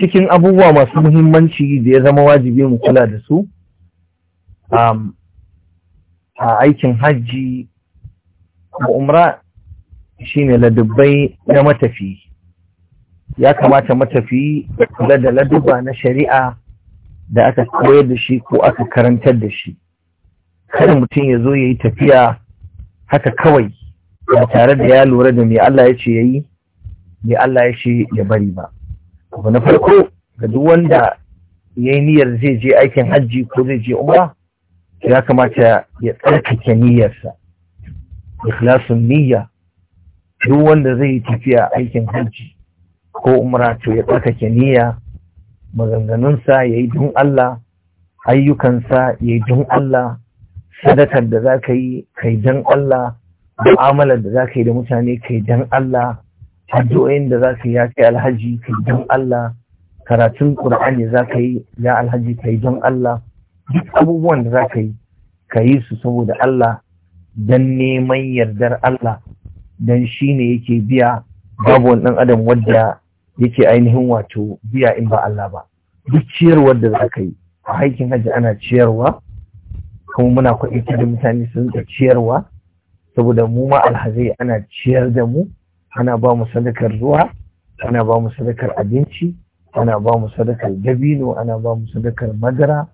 cikin abubuwa masu muhimmanci da ya zama wajibi mu kula da su Um, a aikin hajji ko umra shine ladubbai na matafi ya kamata matafi kula da ladubba na shari'a da aka koyar da shi ko aka karantar da shi kada mutum ya zo ya yi tafiya haka kawai ba tare da ya lura da me Allah ya ce ya yi me Allah ya ce ya bari ba abu na farko ga duk wanda ya niyyar zai je aikin hajji ko zai je umra ya kamata ya tsarkake niyyarsa ikhlasun niyya duk wanda zai yi tafiya aikin hajji ko umra to ya tsarkake niyya maganganunsa ya yi don Allah ayyukansa ya yi don Allah sadakar da za ka yi kai don Allah mu'amalar da za ka yi da mutane kai don Allah addu'o'in da za ka yi ya kai alhaji kai don Allah karatun Qur'ani za ka yi ya alhaji kai don Allah duk abubuwan da za ka yi ka yi su saboda Allah don neman yardar Allah don shi ne yake biya babu wani ɗan adam wadda yake ainihin wato biya in ba Allah ba duk ciyarwar da za ka yi a haikin hajji ana ciyarwa kuma muna kwaɗi da mutane sun da ciyarwa saboda mu ma alhazai ana ciyar da mu ana ba mu sadakar ruwa ana ba mu sadakar abinci ana ba mu sadakar dabino ana ba mu sadakar madara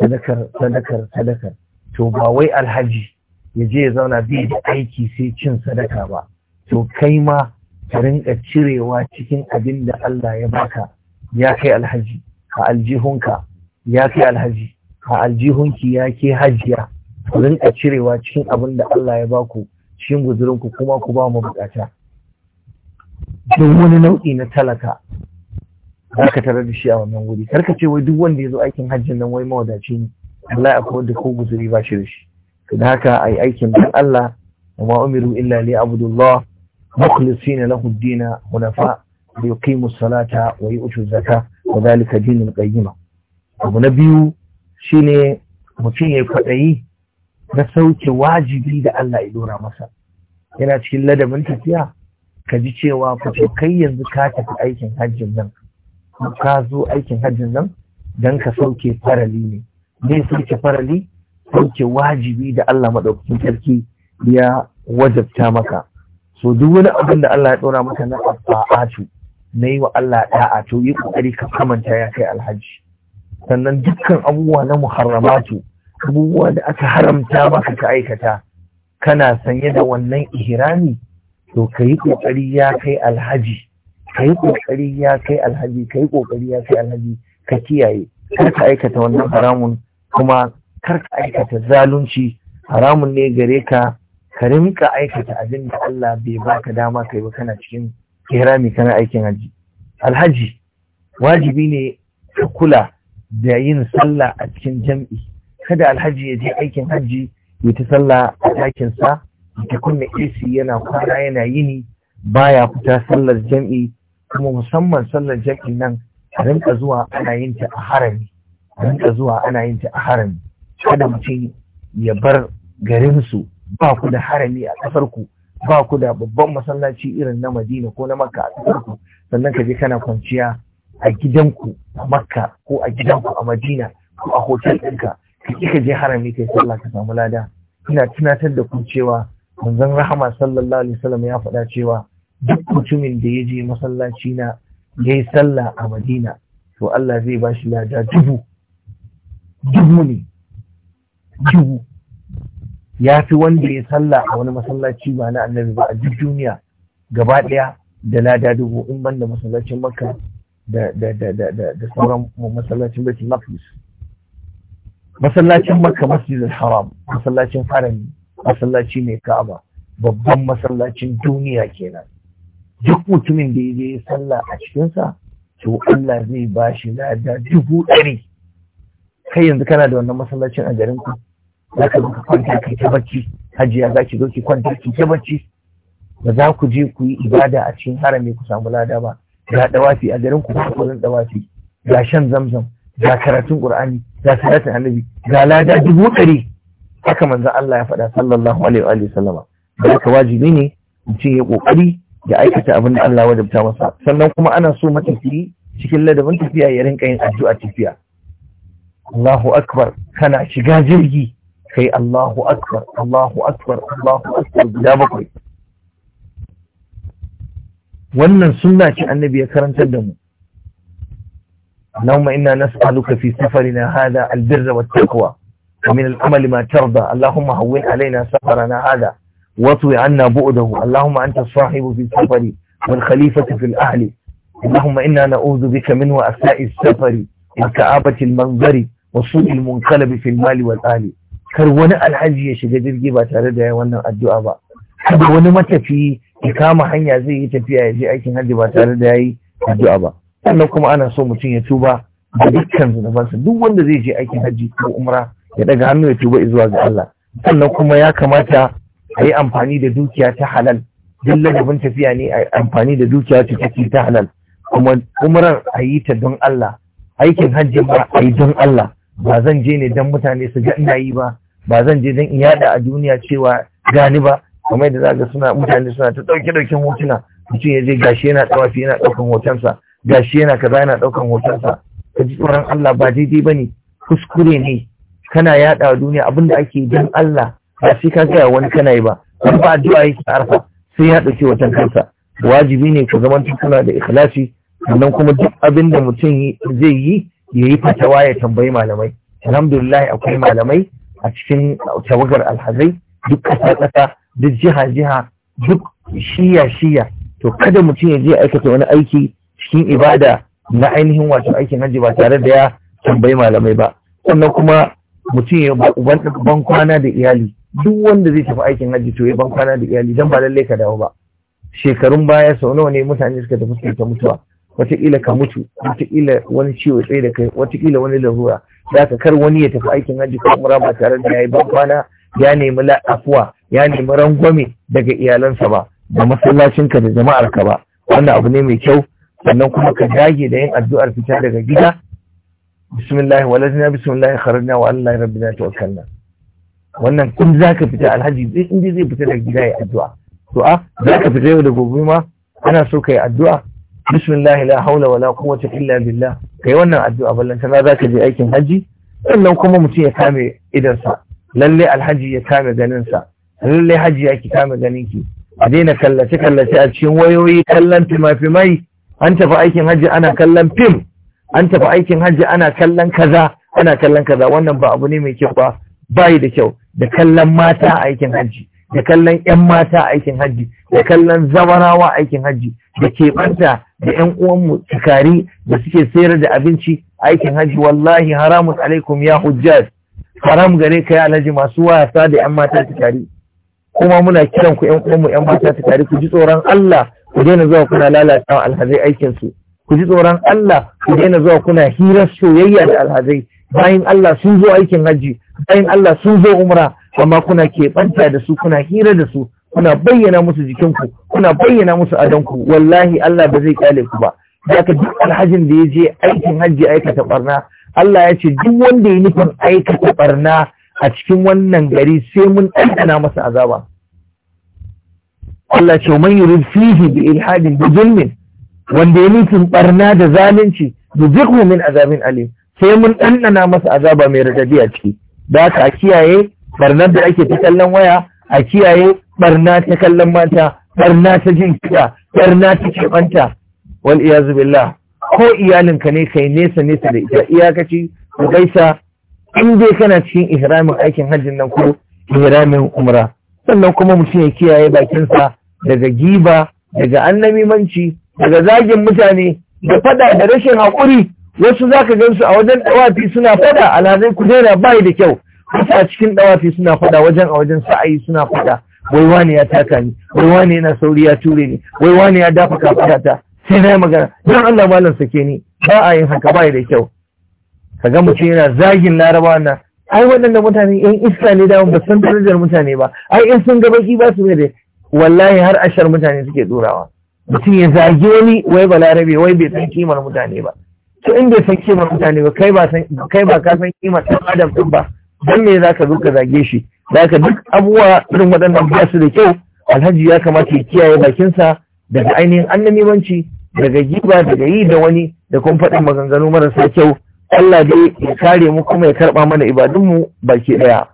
sadakar sadakar sadakar to ba wai alhaji ya je ya zauna bai da aiki sai cin sadaka ba to kai ma ka rinka cirewa cikin abin da Allah ya baka ya kai alhaji a aljihunka ya kai alhaji ka aljihunki ya ke hajiya ka rinka cirewa cikin abin da Allah ya baku cikin guzurinku kuma ku ba mu bukata duk wani nau'i na talaka za ka tare da shi a wannan wuri karka ce wai duk wanda ya zo aikin hajjin nan wai mawadaci ne Allah akwai wanda ko guzuri ba shi da shi to da haka yi aikin dan Allah وما na إلا ليعبدوا da ya kai الدين حنفاء ليقيموا الصلاة ويؤتوا الزكاة وذلك دين القيمة abu na biyu shine mutum ya kwaɗayi na sauke wajibi da Allah ya dora masa yana cikin ladabin tafiya ka ji cewa ku ce kai yanzu ka tafi aikin hajjin nan ka zo aikin hajjin nan don ka sauke farali ne ne sauke farali sauke wajibi da Allah maɗaukakin sarki ya wajabta maka so duk wani abin da Allah ya ɗora maka na ɗa'atu na yi wa Allah ɗa'a to yi ƙoƙari ka kamanta ya kai alhaji sannan dukkan abubuwa na muharramatu abubuwa da aka haramta maka ka aikata kana sanye da wannan ihrami to ka yi ƙoƙari ya kai alhaji ka yi ƙoƙari ya kai alhaji ka yi ƙoƙari ya kai alhaji ka kiyaye kar ka aikata wannan haramun kuma kar ka aikata zalunci haramun ne gare ka ka rinka aikata abin da Allah bai baka dama kai ba kana cikin ihrami kana aikin haji alhaji wajibi ne ka kula da yin sallah a cikin jam'i kada alhaji ya je aikin haji ya ta sallah a takin sa ta kunna AC yana kwana yana yini baya fita sallar jam'i kuma musamman sallar jam'i nan a rinka zuwa ana yin ta a harami rinka zuwa ana yin ta a harami kada mutum ya bar garinsu ba ku da harami a ƙasar ku ba ku da babban masallaci irin na Madina ko na Makka a ƙasar ku sannan ka je kana kwanciya a gidanku a Makka ko a gidanku a Madina ko a hotel ɗinka ka ki ka je harami kai sallah ka samu lada ina tunatar da ku cewa manzon rahama sallallahu alaihi wasallam ya faɗa cewa duk mutumin da ya je masallaci na ya yi sallah a Madina to Allah zai ba shi lada dubu dubu ne dubu ya fi wanda ya salla a wani masallaci ba na annabi ba a duk duniya gaba ɗaya da lada dubu in ban da masallacin makka da sauran masallacin baitul maqdis masallacin makka masjidul haram masallacin harami masallaci mai ka'aba babban masallacin duniya kenan duk mutumin da ya je ya salla a cikinsa to Allah zai ba shi lada dubu ɗari kai yanzu kana da wannan masallacin a garin ku za ka ka kwanta kai ta bacci hajiya za ki zo ki kwanta ki ta bacci ba za ku je ku yi ibada a cikin harami ku samu lada ba ga dawafi a garin ku ba ku zan dawafi ga shan zamzam ga karatun qur'ani ga salatin annabi ga lada dubu ɗari haka manzon Allah ya faɗa sallallahu alaihi wa sallama da ka wajibi ne mutum ya kokari da aikata abin da Allah wajabta masa sannan kuma ana so matafiya, cikin ladabin tafiya ya rinka yin addu'a tafiya الله أكبر كان shiga jirgi الله أكبر الله أكبر الله أكبر akbar guda bakwai wannan sunna النبي annabi ya اللهم إنا نسألك في سفرنا هذا البر والتقوى ومن الأمل ما ترضى اللهم هون علينا سفرنا هذا واطوي عنا بؤده اللهم أنت الصاحب في سفري والخليفة في الأهل اللهم إنا نعوذ بك من وأساء السفر وكآبة المنظر wasu ilmun kalabi fil mali wal ali kar wani alhaji ya shiga jirgi ba tare da yayin wannan addu'a ba kada wani matafi ya kama hanya zai yi tafiya ya je aikin hajji ba tare da yayi addu'a ba sannan kuma ana so mutum ya tuba da dukkan zunubansa duk wanda zai je aikin hajji ko umra ya daga hannu ya tuba zuwa ga Allah sannan kuma ya kamata a yi amfani da dukiya ta halal duk ladabin tafiya ne a amfani da dukiya ta take ta halal kuma umrar a yi ta don Allah aikin hajji ba a yi don Allah ba zan je ne don mutane su ga ina yi ba ba zan je don in yada a duniya cewa gani ba kamar da zaga suna mutane suna ta ɗauke ɗauken hotuna mutum ya je gashi yana tsawafi, yana ɗaukan hotonsa gashi yana kaza yana ɗaukan hotonsa ka ji tsoron Allah ba daidai ba ne kuskure ne kana yada a duniya abin da ake don Allah ba sai ka gaya wani kana yi ba wani ba addu'a yake arfa sai ya ɗauki hoton kansa wajibi ne ku zama kuna da ikhlasi sannan kuma duk abin da mutum zai yi ya yi fatawa ya tambayi malamai alhamdulillah akwai malamai a cikin tawagar alhazai duk ƙasa ƙasa duk jiha jiha duk shiya shiya to kada mutum ya je aikata wani aiki cikin ibada na ainihin wato aikin hajji ba tare da ya tambayi malamai ba sannan kuma mutum ya ban kwana da iyali duk wanda zai tafi aikin hajji to ya ban kwana da iyali dan ba lallai ka dawo ba shekarun baya sau nawa ne mutane suka tafi suka mutuwa wataƙila ka mutu wataƙila wani ciwo tsaye da kai wataƙila wani larura za ka kar wani ya tafi aikin hajji ko umra ba tare da yayi ban kwana ya nemi la'afuwa, ya nemi rangwame daga iyalansa ba da masallacinka da jama'arka ba wannan abu ne mai kyau sannan kuma ka dage da yin addu'ar fita daga gida bismillah walazina bismillah kharajna wa allahi rabbina tawakkalna wannan kun ka fita alhaji in zai fita daga gida ya addu'a to a ka fita yau da gobe ma ana so ka yi addu'a Bismillahi, la haula wala quwwata illa billah kai wannan addu'a ballanta za ka je aikin hajji? sannan kuma mutum ya kame idansa lalle alhaji ya kame ganinsa lalle haji ya ki kame ganinki a daina kallace kallace a cikin wayoyi kallon fimafimai an tafi aikin haji ana kallon fim an tafi aikin hajji ana kallon kaza ana kallon kaza wannan ba abu ne mai kyau ba bayi da kyau da kallon mata a aikin haji da kallon 'yan mata a aikin hajji, da kallon zawarawa a aikin hajji, da keɓanta da ƴan uwanmu tukari da suke sayar da abinci aikin haji wallahi haramun alaikum ya hujjaj haram gare ka ya alhaji masu wasa da ƴan mata tukari kuma muna kiran ku ƴan uwanmu ƴan mata tukari ku ji tsoron Allah ku daina zuwa kuna lalata alhazai aikin su ku ji tsoron Allah ku daina zuwa kuna hirar soyayya da alhazai bayan Allah sun zo aikin haji bayan Allah sun zo umra amma kuna keɓanta da su kuna hira da su kuna bayyana musu jikinku kuna bayyana musu adanku wallahi Allah ba zai kyale ku ba da ka duk alhajin da ya je aikin hajji aikata barna Allah ya ce duk wanda ya nufin aikata barna a cikin wannan gari sai mun ɗanɗana masa azaba Allah ce man yurid fihi bi ilhadin bi zulmin wanda ya nufin barna da zalunci da zikhu min azabin alim sai mun ɗanɗana masa azaba mai radadi a ciki da ka a kiyaye barnar da ake ta kallon waya a kiyaye Ɓarna ta kallon mata barna ta jin kiɗa barna ta keɓanta wal iyazu billah ko iyalinka ne kai nesa nesa da ita iyakaci ku gaisa in dai kana cikin ihramin aikin hajjin nan ko ihramin umra sannan kuma mutum ya kiyaye bakinsa daga giba daga annamimanci daga zagin mutane da fada da rashin haƙuri wasu za ka gansu a wajen ɗawafi suna fada alhazai ku daina bayi da kyau wasu a cikin ɗawafi suna fada wajen a wajen sa'ayi suna fada wai wani ya taka ni wai wani yana sauri ya ture ni wai wani ya dafa kafata sai na yi magana don Allah malam sake ni ba a yin haka bai da kyau Ka ga mutum yana zagin laraba na ai waɗanda mutane yan iska ne da ba san darajar mutane ba ai in sun gabaki ba su ne da wallahi har ashar mutane suke durawa mutum ya zage wani wai balarabe wai bai san kimar mutane ba to in bai san kimar mutane ba kai ba kai ba ka san kimar adam ɗin ba dan me zaka zo ka zage shi da duk abubuwa irin waɗannan ba su da kyau alhaji ya kamata ya kiyaye bakinsa daga ainihin annamimanci daga giba daga yi da wani da kuma faɗin maganganu marasa kyau Allah dai ya kare mu kuma ya karɓa mana ibadunmu baki ɗaya.